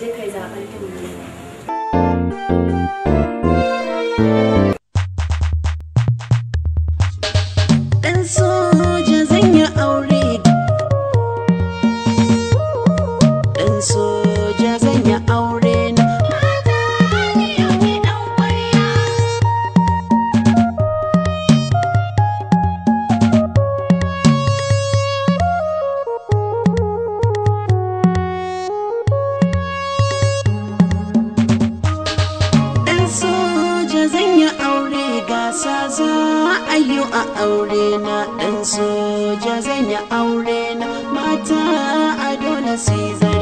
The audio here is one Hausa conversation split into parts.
je kai zaɓen fim ne a aure na ɗan soja zan yi aure na mata a dole sai zan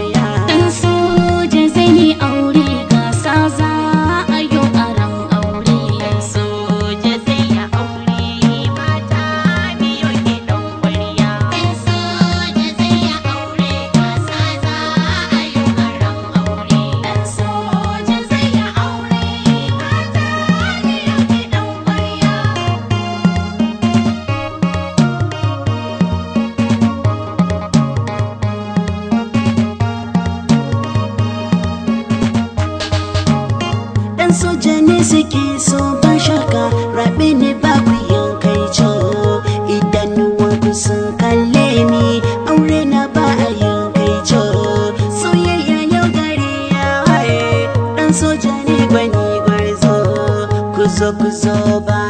ni suke so ba shaka rabe ni babu idan idanuwanku sun kalle ni aure na ba a yankaico soyayya yau gare ya waye dan soja ne bani gwarzo ku zo ku ba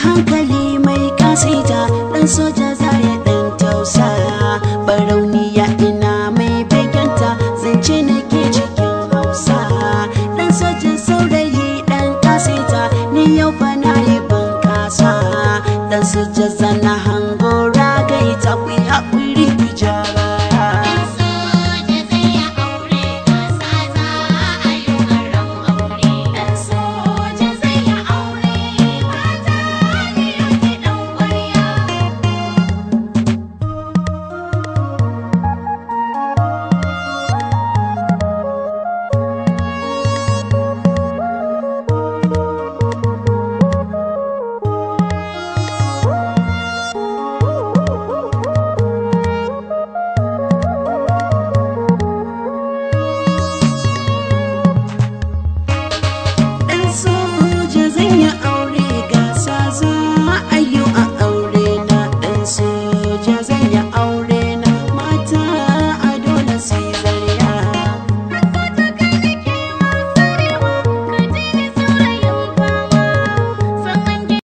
hankali mai kasita dan soja ya dan tausaya barauniya ina mai beganta zance ke cikin hausa dan soja saurayi dan kasita ni yau fa na yi bunkasa dan soja zana hankali